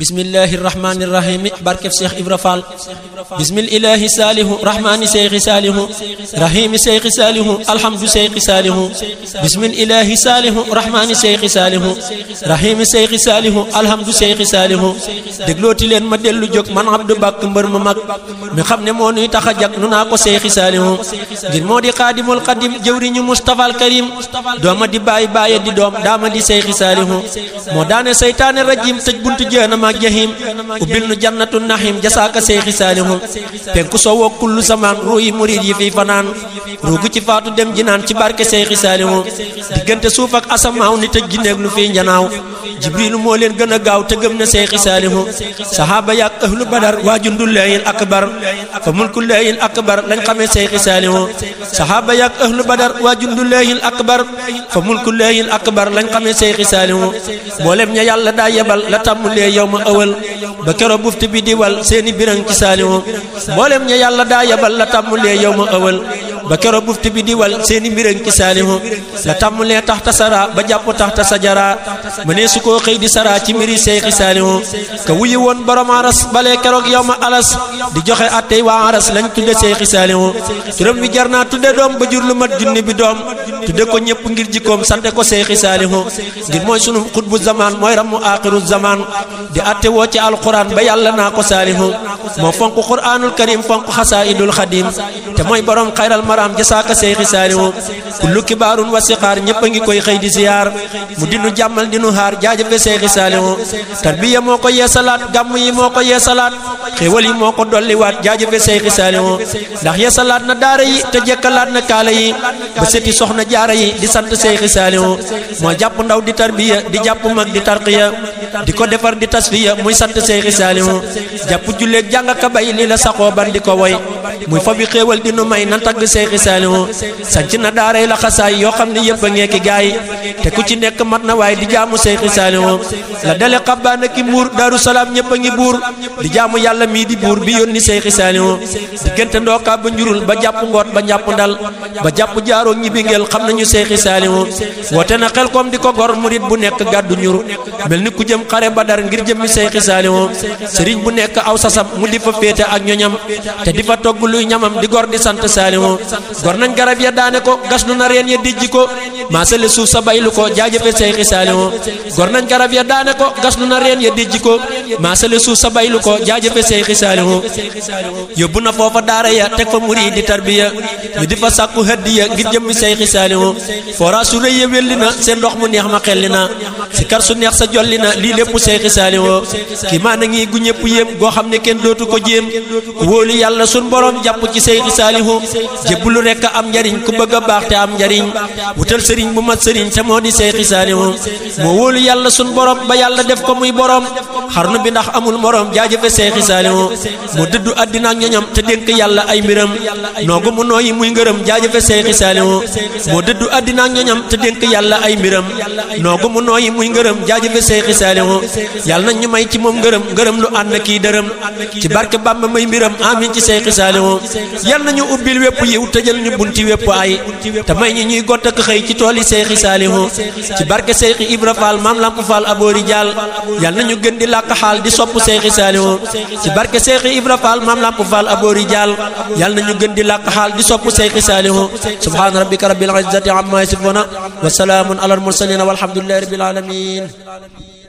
bismillahi rahmaani rahiimi barkeb Cheikh Ibra Fall bismillahi saalihu rahmaani seyxi saalihu rahiimi seyxi saalihu alhamdu seyxi saalihu bismillahi saalihu rahmaani seyxi saalihu rahiimi seyxi saalihu saalihu déglooti leen ma dellu jóg man Abdou Bakk mbër ma mag mi xam ne moo nuy tax a jag nu naa ko seyxi saalihu ngir moo di xaadimul xadim jëwriñu Mustafa al dooma di bàyyi bàyyi di doom daama di seyxi saalihu moo daane seytaane rajim tëj buntu jënam jahannama ak jahim ubbil nu jannatu nahim jasaaka seexi saalihum penku soo woo kullu zaman ruuyi murid yi fii fanaan ruugu ci faatu dem jinaan ci barke seexi saalihum diggante suuf ak asamaaw nit ak jinneeg nu fii njanaaw jibrilu moo leen gën a gaaw te gëm na seexi saalihum sahaaba yaak ahlu badar waa jundul layin akbar fa mulku layin akbar lañ xamee seexi saalihum sahaaba yaak ahlu badar waa jundul layin akbar fa mulku layin akbar lañ xamee seexi saalihum mboolem tàmm ëwal ba kero bufti bi di wal seeni biran ci saalihu mboolem ña yàlla daa yabal la tàmmulee yow ma ëwal ba kero bufti bi di wal seeni mbiran ci saalihu la tàmmulee taxta sara ba jàpp taxta sajara ma ne koo xëy di sara ci mbiri seyxi saalihu ka wuyu woon borom aras balee keroog yow ma alas di joxe attey waa aras lañ tudde seyxi saalihu turam wi jar naa tudde doom ba jur mat junni bi doom tudde ko ñëpp ngir jikkoom sante ko seexi saalihu ngir mooy sunu xutbu zamaan mooy ramu aaxiru zamaan di atte woo ci alquran ba yàlla naa ko saalihu moo fonk quraanul karim fonk xasaayidul xadim te mooy borom xayral maraam jasaaka seexi saalihu kullu kibaarun wa siqaar ñëpp a ngi koy xëy di ziyaar mu dinu jàmmal dinu haar jaajëfe seexi saalihu tarbiya moo ko yeesalaat gàmm yi moo ko yeesalaat xéwal yi moo ko dolliwaat jaajëfe seexi saalihu jaara yi di sant Seyxi Saalihu moo jàpp ndaw di tarbiya di jàpp mag di tarqiya di ko defar di tasfiya muy sant Seyxi Saalihu jàpp julleeg jàng ka bay li la saxoo ban di ko woy muy fabi xéewal di nu may nan tagg Seyxi Saalihu sanc na daaray la xasaay yoo xam ne yëpp a ngeeki gaay te ku ci nekk mat na waaye di jaamu Seyxi Saalihu la dale xabbaana ki muur daaru salaam ñëpp a ngi buur di jaamu yàlla mii di buur bi yónni Seyxi diggante ndookaa ba njurul ba jàpp ngoot ba jàpp ndal ba jàpp jaaroo ñibbi ngel xam xam nañu seexi saalihu woote na xel kom di ko gor murit bu nekk gàddu ñuru mel ni ku jëm xare badar ngir jëmmi seexi saalihu sëriñ bu nekk aw sasam mu di fa féete ak ñoñam te di fa togg luy ñamam di gor di sant saalihu gor nañ garab ya daane ko gas nu na reen ya dijji maa sali suuf sa bay lu ko jaajëfal say xisaalion gor nañ garab ya daane ko gas nu na reen ya dijji ko maa suuf sa bay lu ko jaajëfal say xisaalion yóbbu na foofa daara ya teg fa muri di tarbiya ñu di fa sàkku hëddiya ngir jëmmi say xisaalion fora su rëy ya welli na seen ndox mu neex ma xelli na si kar su neex sa jolli na lii lépp Seexi Saaliw ki maana ngi gu ñëpp yéem goo xam ne kenn dootu ko jéem ku wóolu yàlla sun borom jàpp ci Seexi Saaliw jébbalu rekk am njariñ ku bëgg a baax te am njariñ wutal sëriñ bu mat sëriñ te moo di Seexi Saaliw moo wóolu yàlla sun borom ba yàlla def ko muy borom xarnu bi ndax amul moroom morom jaajëfe Seexi Saaliw mu dëddu àddina ak ñoñam te dénk yàlla ay mbiram noogu mu yi muy ngërëm jaajëfe Seexi Saaliw moo dëddu àddina ak ñoñam te dénk yàlla ay mbiram noogu muy ngërëm jaajëfe Seexi Saalihu yàlla nañ ñu may ci moom ngërëm ngërëm lu ànd kii dërëm ci barke Bàmba may mbiram amin ci Seexi Saalihu yàlla nañu ubbil wépp yiw tëjal ñu bunti wépp ay te may ñi ñuy gott ak xëy ci tool yi Seexi Saalihu ci barke Seexi Ibra Faal Maam Lamp Faal Aboori Jaal yàlla nañu gën di làkk xaal di sopp Seexi Saalihu ci barke Seexi Ibra Faal Maam Lamp Faal Aboori Jaal yàlla nañu gën di làkk xaal di sopp Seexi Saalihu subhaana rabbika العالمين